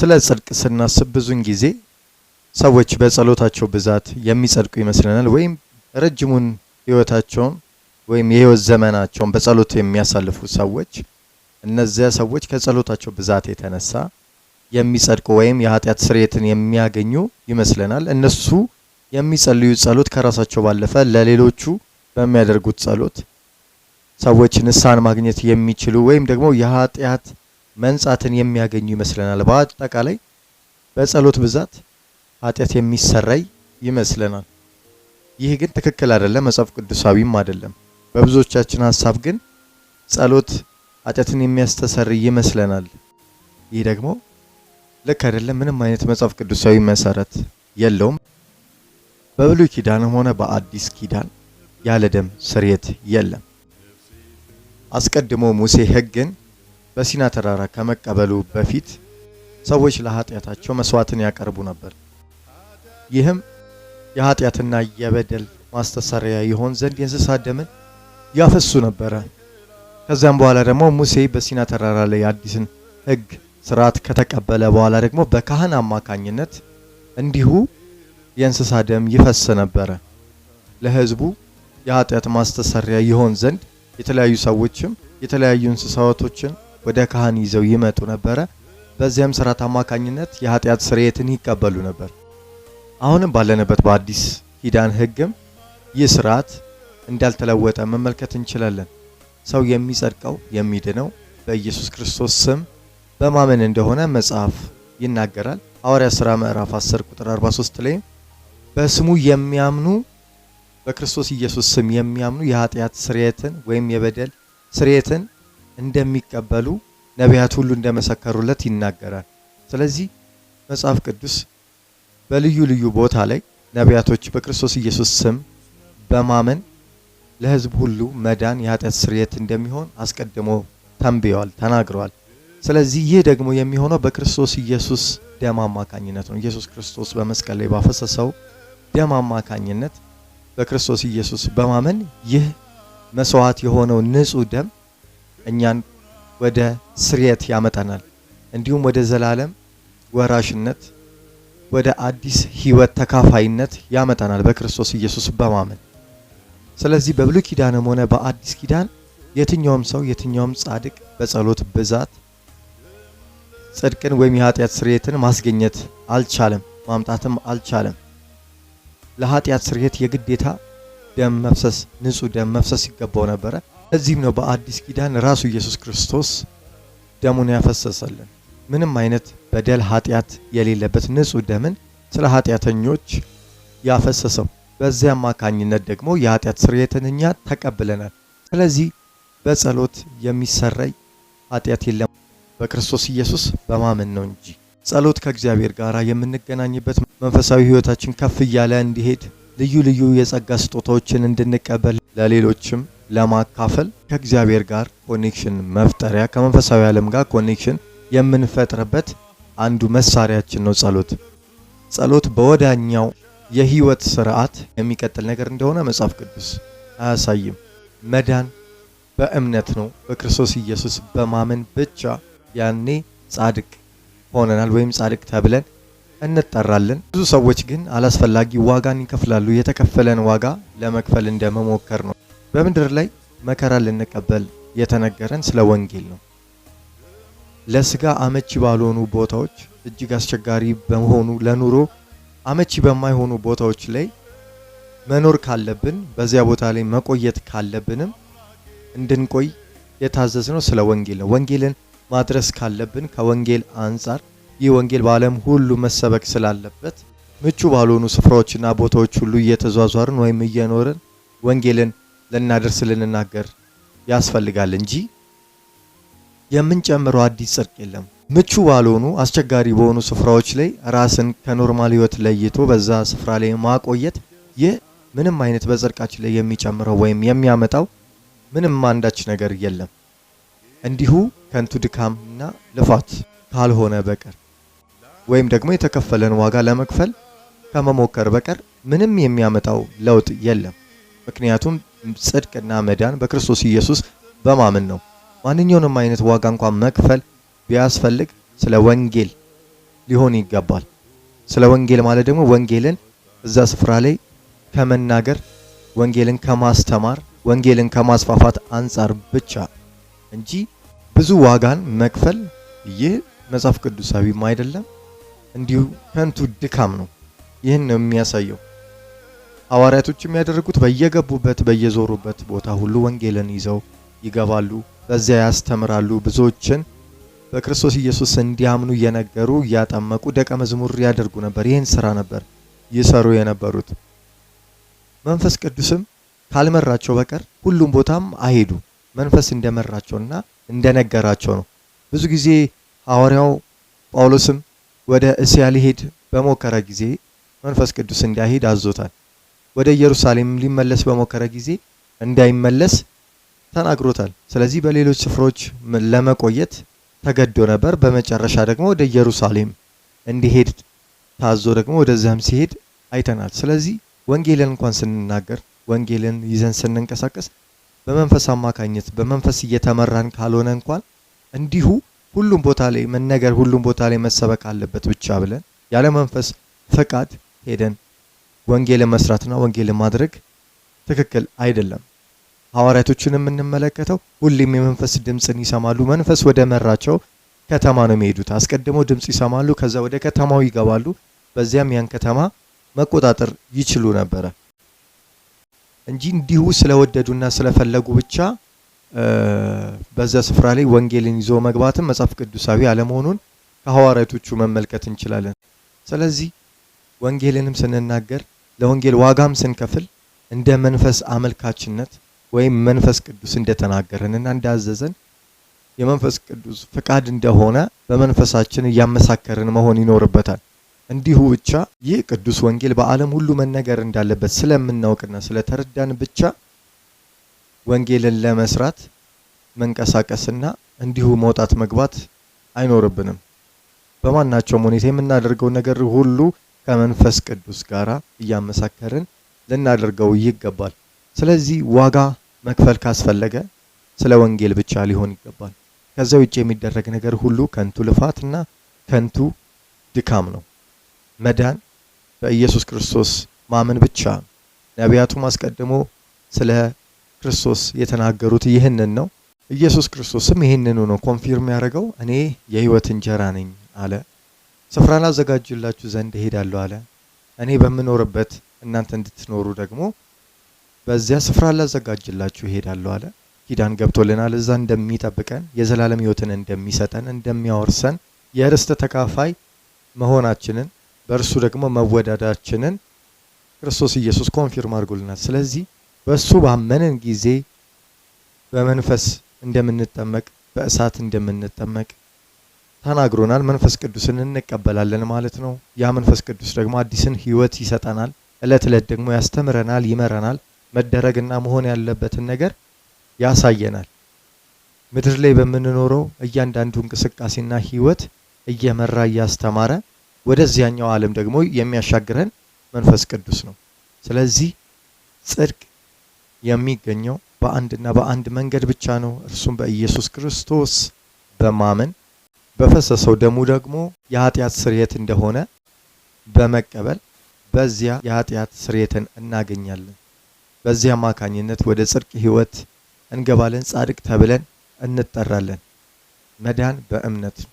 ስለ ጽድቅ ስናስብ ብዙን ጊዜ ሰዎች በጸሎታቸው ብዛት የሚጸድቁ ይመስለናል። ወይም ረጅሙን ህይወታቸውን ወይም የህይወት ዘመናቸውን በጸሎት የሚያሳልፉ ሰዎች እነዚያ ሰዎች ከጸሎታቸው ብዛት የተነሳ የሚጸድቁ ወይም የኃጢአት ስርየትን የሚያገኙ ይመስለናል። እነሱ የሚጸልዩ ጸሎት ከራሳቸው ባለፈ ለሌሎቹ በሚያደርጉት ጸሎት ሰዎች ንስሐን ማግኘት የሚችሉ ወይም ደግሞ የኃጢአት መንጻትን የሚያገኙ ይመስለናል። በአጠቃላይ በጸሎት ብዛት ኃጢአት የሚሰራይ ይመስለናል። ይህ ግን ትክክል አይደለም፣ መጽሐፍ ቅዱሳዊም አይደለም። በብዙዎቻችን ሀሳብ ግን ጸሎት ኃጢአትን የሚያስተሰርይ ይመስለናል። ይህ ደግሞ ልክ አይደለም። ምንም አይነት መጽሐፍ ቅዱሳዊ መሰረት የለውም። በብሉይ ኪዳንም ሆነ በአዲስ ኪዳን ያለ ደም ስርየት የለም። አስቀድሞ ሙሴ ሕግን በሲና ተራራ ከመቀበሉ በፊት ሰዎች ለኃጢአታቸው መስዋዕትን ያቀርቡ ነበር። ይህም የኃጢአትና የበደል ማስተሰሪያ ይሆን ዘንድ የእንስሳት ደምን ያፈሱ ነበረ። ከዚያም በኋላ ደግሞ ሙሴ በሲና ተራራ ላይ አዲስን ሕግ ስርዓት ከተቀበለ በኋላ ደግሞ በካህን አማካኝነት እንዲሁ የእንስሳ ደም ይፈስ ነበረ። ለሕዝቡ የኃጢአት ማስተሰሪያ ይሆን ዘንድ የተለያዩ ሰዎችም የተለያዩ እንስሳቶችን ወደ ካህን ይዘው ይመጡ ነበረ። በዚያም ስርዓት አማካኝነት የኃጢአት ስርየትን ይቀበሉ ነበር። አሁንም ባለንበት በአዲስ ኪዳን ህግም ይህ ስርዓት እንዳልተለወጠ መመልከት እንችላለን። ሰው የሚጸድቀው የሚድነው በኢየሱስ ክርስቶስ ስም በማመን እንደሆነ መጽሐፍ ይናገራል። ሐዋርያ ሥራ ምዕራፍ 10 ቁጥር 43 ላይ በስሙ የሚያምኑ በክርስቶስ ኢየሱስ ስም የሚያምኑ የኃጢአት ስርየትን ወይም የበደል ስርየትን እንደሚቀበሉ ነቢያት ሁሉ እንደመሰከሩለት ይናገራል። ስለዚህ መጽሐፍ ቅዱስ በልዩ ልዩ ቦታ ላይ ነቢያቶች በክርስቶስ ኢየሱስ ስም በማመን ለሕዝብ ሁሉ መዳን የኃጢአት ስርየት እንደሚሆን አስቀድሞ ተንብየዋል፣ ተናግረዋል። ስለዚህ ይህ ደግሞ የሚሆነው በክርስቶስ ኢየሱስ ደም አማካኝነት ነው። ኢየሱስ ክርስቶስ በመስቀል ላይ ባፈሰሰው ደም አማካኝነት በክርስቶስ ኢየሱስ በማመን ይህ መስዋዕት የሆነው ንጹህ ደም እኛን ወደ ስርየት ያመጣናል እንዲሁም ወደ ዘላለም ወራሽነት ወደ አዲስ ህይወት ተካፋይነት ያመጣናል በክርስቶስ ኢየሱስ በማመን። ስለዚህ በብሉይ ኪዳንም ሆነ በአዲስ ኪዳን የትኛውም ሰው የትኛውም ጻድቅ በጸሎት ብዛት ጽድቅን ወይም የኃጢአት ስርየትን ማስገኘት አልቻለም፣ ማምጣትም አልቻለም። ለኃጢአት ስርየት የግዴታ ደም መፍሰስ፣ ንጹህ ደም መፍሰስ ይገባው ነበረ። እዚህም ነው በአዲስ ኪዳን ራሱ ኢየሱስ ክርስቶስ ደሙን ያፈሰሰልን። ምንም አይነት በደል ኃጢአት የሌለበት ንጹህ ደምን ስለ ኃጢአተኞች ያፈሰሰው። በዚያ አማካኝነት ደግሞ የኃጢአት ስርየትን እኛ ተቀብለናል። ስለዚህ በጸሎት የሚሰረይ ኃጢአት የለም፣ በክርስቶስ ኢየሱስ በማመን ነው እንጂ። ጸሎት ከእግዚአብሔር ጋር የምንገናኝበት መንፈሳዊ ህይወታችን ከፍ እያለ እንዲሄድ ልዩ ልዩ የጸጋ ስጦታዎችን እንድንቀበል ለሌሎችም ለማካፈል ከእግዚአብሔር ጋር ኮኔክሽን መፍጠሪያ ከመንፈሳዊ ዓለም ጋር ኮኔክሽን የምንፈጥርበት አንዱ መሳሪያችን ነው ጸሎት። ጸሎት በወዳኛው የህይወት ስርዓት የሚቀጥል ነገር እንደሆነ መጽሐፍ ቅዱስ አያሳይም። መዳን በእምነት ነው፣ በክርስቶስ ኢየሱስ በማመን ብቻ። ያኔ ጻድቅ ሆነናል ወይም ጻድቅ ተብለን እንጠራለን። ብዙ ሰዎች ግን አላስፈላጊ ዋጋን ይከፍላሉ። የተከፈለን ዋጋ ለመክፈል እንደመሞከር ነው። በምድር ላይ መከራ ልንቀበል የተነገረን ስለ ወንጌል ነው። ለስጋ አመቺ ባልሆኑ ቦታዎች እጅግ አስቸጋሪ በመሆኑ ለኑሮ አመቺ በማይሆኑ ቦታዎች ላይ መኖር ካለብን በዚያ ቦታ ላይ መቆየት ካለብንም እንድንቆይ የታዘዝነው ስለ ወንጌል ነው። ወንጌልን ማድረስ ካለብን ከወንጌል አንጻር ይህ ወንጌል በዓለም ሁሉ መሰበክ ስላለበት ምቹ ባልሆኑ ስፍራዎችና ቦታዎች ሁሉ እየተዟዟርን ወይም እየኖርን ወንጌልን ልናደርስ ልንናገር ያስፈልጋል እንጂ የምንጨምረው አዲስ ጽድቅ የለም። ምቹ ባልሆኑ አስቸጋሪ በሆኑ ስፍራዎች ላይ ራስን ከኖርማል ህይወት ለይቶ በዛ ስፍራ ላይ ማቆየት ይህ ምንም አይነት በጽድቃችን ላይ የሚጨምረው ወይም የሚያመጣው ምንም አንዳች ነገር የለም እንዲሁ ከንቱ ድካምና ልፋት ካልሆነ በቀር ወይም ደግሞ የተከፈለን ዋጋ ለመክፈል ከመሞከር በቀር ምንም የሚያመጣው ለውጥ የለም። ምክንያቱም ጽድቅና መዳን በክርስቶስ ኢየሱስ በማመን ነው። ማንኛውንም አይነት ዋጋ እንኳን መክፈል ቢያስፈልግ ስለ ወንጌል ሊሆን ይገባል። ስለ ወንጌል ማለት ደግሞ ወንጌልን እዛ ስፍራ ላይ ከመናገር ወንጌልን ከማስተማር ወንጌልን ከማስፋፋት አንጻር ብቻ እንጂ ብዙ ዋጋን መክፈል ይህ መጽሐፍ ቅዱሳዊም አይደለም፣ እንዲሁ ከንቱ ድካም ነው። ይህን ነው የሚያሳየው። ሐዋርያቶች የሚያደርጉት በየገቡበት በየዞሩበት ቦታ ሁሉ ወንጌልን ይዘው ይገባሉ፣ በዚያ ያስተምራሉ። ብዙዎችን በክርስቶስ ኢየሱስ እንዲያምኑ እየነገሩ እያጠመቁ ደቀ መዝሙር ያደርጉ ነበር። ይህን ስራ ነበር ይሰሩ የነበሩት። መንፈስ ቅዱስም ካልመራቸው በቀር ሁሉም ቦታም አይሄዱ። መንፈስ እንደመራቸውና እንደነገራቸው ነው። ብዙ ጊዜ ሐዋርያው ጳውሎስም ወደ እስያ ሊሄድ በሞከረ ጊዜ መንፈስ ቅዱስ እንዳይሄድ አዞታል። ወደ ኢየሩሳሌም ሊመለስ በሞከረ ጊዜ እንዳይመለስ ተናግሮታል። ስለዚህ በሌሎች ስፍራዎች ለመቆየት ተገዶ ነበር። በመጨረሻ ደግሞ ወደ ኢየሩሳሌም እንዲሄድ ታዞ ደግሞ ወደዚያም ሲሄድ አይተናል። ስለዚህ ወንጌልን እንኳን ስንናገር ወንጌልን ይዘን ስንንቀሳቀስ በመንፈስ አማካኝነት በመንፈስ እየተመራን ካልሆነ እንኳን እንዲሁ ሁሉም ቦታ ላይ መነገር ሁሉም ቦታ ላይ መሰበክ አለበት ብቻ ብለን ያለ መንፈስ ፈቃድ ሄደን ወንጌልን መስራትና ወንጌልን ማድረግ ትክክል አይደለም። ሐዋርያቶችን የምንመለከተው ሁሌም የመንፈስ ድምፅን ይሰማሉ። መንፈስ ወደ መራቸው ከተማ ነው የሚሄዱት። አስቀድሞ ድምፅ ይሰማሉ፣ ከዛ ወደ ከተማው ይገባሉ። በዚያም ያን ከተማ መቆጣጠር ይችሉ ነበረ እንጂ እንዲሁ ስለወደዱና ስለፈለጉ ብቻ በዛ ስፍራ ላይ ወንጌልን ይዞ መግባትም መጽሐፍ ቅዱሳዊ አለመሆኑን ከሐዋርያቶቹ መመልከት እንችላለን። ስለዚህ ወንጌልንም ስንናገር ለወንጌል ዋጋም ስንከፍል እንደ መንፈስ አመልካችነት ወይም መንፈስ ቅዱስ እንደተናገረንና እንዳዘዘን የመንፈስ ቅዱስ ፍቃድ እንደሆነ በመንፈሳችን እያመሳከርን መሆን ይኖርበታል። እንዲሁ ብቻ ይህ ቅዱስ ወንጌል በዓለም ሁሉ መነገር እንዳለበት ስለምናውቅና ስለተረዳን ብቻ ወንጌልን ለመስራት መንቀሳቀስና እንዲሁ መውጣት መግባት አይኖርብንም። በማናቸውም ሁኔታ የምናደርገው ነገር ሁሉ ከመንፈስ ቅዱስ ጋር እያመሳከርን ልናደርገው ይገባል። ስለዚህ ዋጋ መክፈል ካስፈለገ ስለ ወንጌል ብቻ ሊሆን ይገባል። ከዛ ውጭ የሚደረግ ነገር ሁሉ ከንቱ ልፋትና ከንቱ ድካም ነው። መዳን በኢየሱስ ክርስቶስ ማመን ብቻ ነው። ነቢያቱም አስቀድሞ ስለ ክርስቶስ የተናገሩት ይህንን ነው። ኢየሱስ ክርስቶስም ይህንኑ ነው ኮንፊርም ያደረገው። እኔ የህይወት እንጀራ ነኝ አለ። ስፍራ ላዘጋጅላችሁ ዘንድ እሄዳለሁ አለ። እኔ በምኖርበት እናንተ እንድትኖሩ ደግሞ በዚያ ስፍራ ላዘጋጅላችሁ እሄዳለሁ አለ። ኪዳን ገብቶልናል። እዛ እንደሚጠብቀን የዘላለም ሕይወትን እንደሚሰጠን እንደሚያወርሰን የርስተ ተካፋይ መሆናችንን በእርሱ ደግሞ መወዳዳችንን ክርስቶስ ኢየሱስ ኮንፊርም አድርጎልናል። ስለዚህ በእሱ ባመንን ጊዜ በመንፈስ እንደምንጠመቅ በእሳት እንደምንጠመቅ ተናግሮናል። መንፈስ ቅዱስን እንቀበላለን ማለት ነው። ያ መንፈስ ቅዱስ ደግሞ አዲስን ህይወት ይሰጠናል። እለት እለት ደግሞ ያስተምረናል፣ ይመረናል። መደረግና መሆን ያለበትን ነገር ያሳየናል። ምድር ላይ በምንኖረው እያንዳንዱ እንቅስቃሴና ህይወት እየመራ እያስተማረ ወደዚያኛው ዓለም ደግሞ የሚያሻግረን መንፈስ ቅዱስ ነው። ስለዚህ ጽድቅ የሚገኘው በአንድና በአንድ መንገድ ብቻ ነው። እርሱም በኢየሱስ ክርስቶስ በማመን በፈሰሰው ደሙ ደግሞ የኃጢአት ስርየት እንደሆነ በመቀበል በዚያ የኃጢአት ስርየትን እናገኛለን። በዚህ አማካኝነት ወደ ጽድቅ ህይወት እንገባለን። ጻድቅ ተብለን እንጠራለን። መዳን በእምነት ነው።